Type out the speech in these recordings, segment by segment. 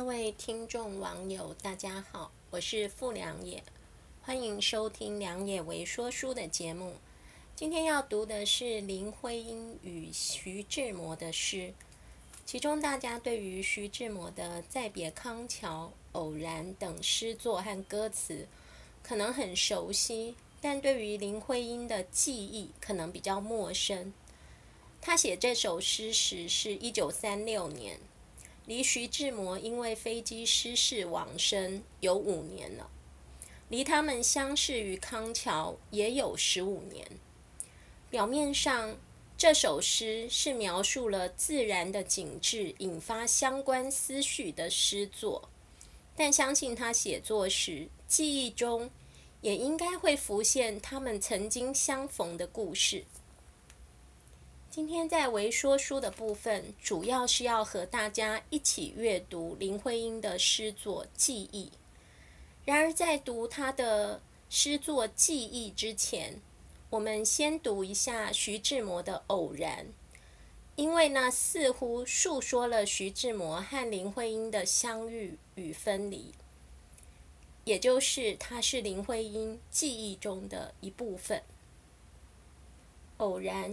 各位聽眾、網友，大家好，我是傅良也，歡迎收聽良也微說書的節目。今天要讀的是林徽因與徐志摩的詩。其中，大家對於徐志摩的《再別康橋》《偶然》等詩作和歌詞可能很熟悉，但對於林徽因的記憶可能比較陌生。她寫這首詩時是1936年。離徐志摩因為飛機失事往生有五年了，離他們相識於康橋也有十五年。表面上，這首詩是描述了自然的景致引發相關思緒的詩作，但相信他寫作時記憶中也應該會浮現他們曾經相逢的故事。今天在微說書的部分，主要是要和大家一起閱讀林徽因的詩作《記憶》。然而，在讀她的詩作《記憶》之前，我們先讀一下徐志摩的《偶然》，因為呢，似乎述說了徐志摩和林徽因的相遇與分離，也就是他是林徽因記憶中的一部分，《偶然》。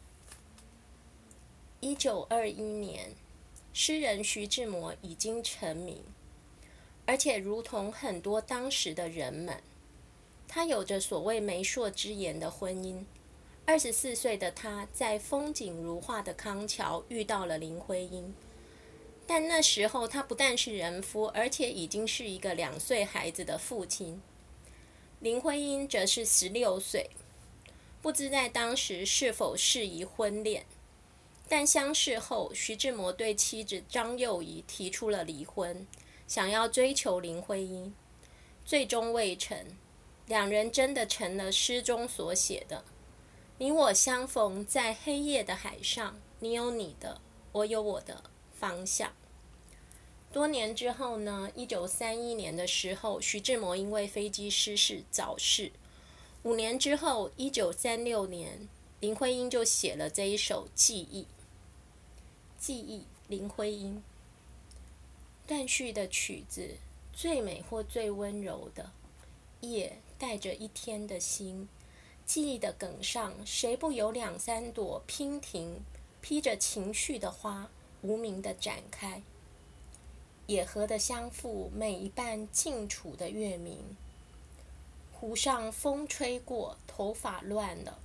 一九二一年，詩人徐志摩已經成名，而且如同很多當時的人們，他有着所謂“媒妁之言”的婚姻。二十四歲的他在風景如畫的康橋遇到了林徽因，但那時候他不但是人夫，而且已經是一個兩歲孩子的父親。林徽因則是十六歲，不知在當時是否適宜婚戀。但相識後，徐志摩對妻子張幼儀提出了離婚，想要追求林徽因，最終未成。兩人真的成了詩中所寫的“你我相逢在黑夜的海上，你有你的，我有我的，方向”。多年之後呢？一九三一年的時候，徐志摩因為飛機失事早逝。五年之後，一九三六年，林徽因就寫了這一首《記憶》。記憶，林徽因。斷續的曲子，最美或最溫柔的夜，也帶着一天的星。記憶的梗上，誰不有兩三朵娉婷，披着情緒的花，無名的展開。野荷的香馥，每一瓣靜處的月明。湖上風吹過，頭髮亂了，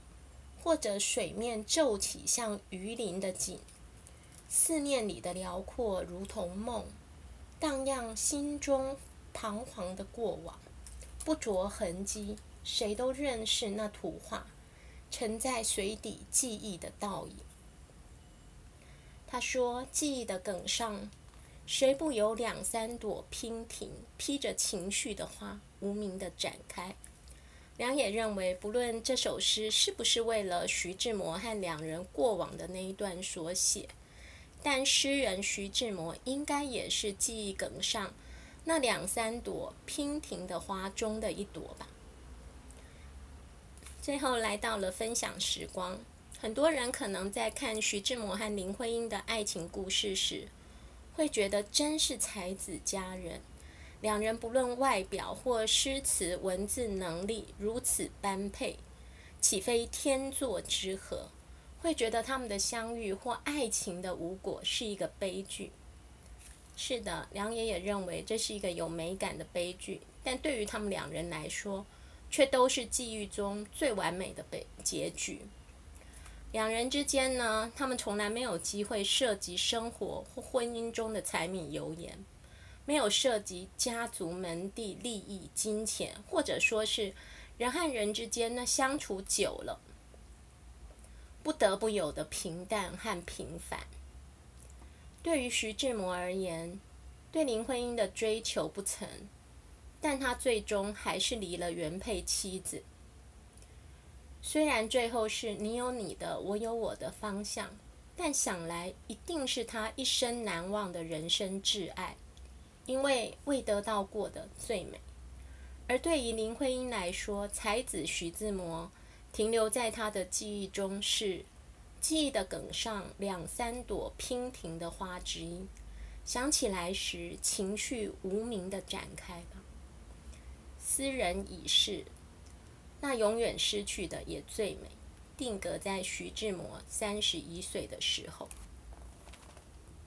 或者水面皺起像魚鱗的錦思念裡的遼闊如同夢，蕩漾心中彷徨的過往，不着痕跡。誰都認識那圖畫，沉在水底記憶的倒影。她說：“記憶的梗上，誰不有兩三朵娉婷，披着情緒的花，無名的展開？”良也認為，不論這首詩是不是為了徐志摩和兩人過往的那一段所寫。但詩人徐志摩應該也是記憶梗上那兩三朵娉婷的花中的一朵吧。最後來到了分享時光，很多人可能在看徐志摩和林徽因的愛情故事時，會覺得真是才子佳人，兩人不論外表或詩詞文字能力如此般配，豈非天作之合？會覺得他們的相遇或愛情的無果是一個悲劇。是的，良也認為這是一個有美感的悲劇，但對於他們兩人來說，卻都是記憶中最完美的悲結局。兩人之間呢，他們從來沒有機會涉及生活或婚姻中的柴米油鹽，沒有涉及家族門第、利益、金錢，或者說是人和人之間呢，那相處久了。不得不有的平淡和平凡。對於徐志摩而言，對林徽因的追求不成，但他最終還是離了原配妻子。雖然最後是你有你的，我有我的方向，但想來一定是他一生難忘的人生摯愛，因為未得到過的最美。而對於林徽因來說，才子徐志摩。停留在他的記憶中，是記憶的梗上兩三朵娉婷的花之一，想起來時，情緒無名的展開吧。斯人已逝，那永遠失去的也最美。定格在徐志摩三十一歲的時候。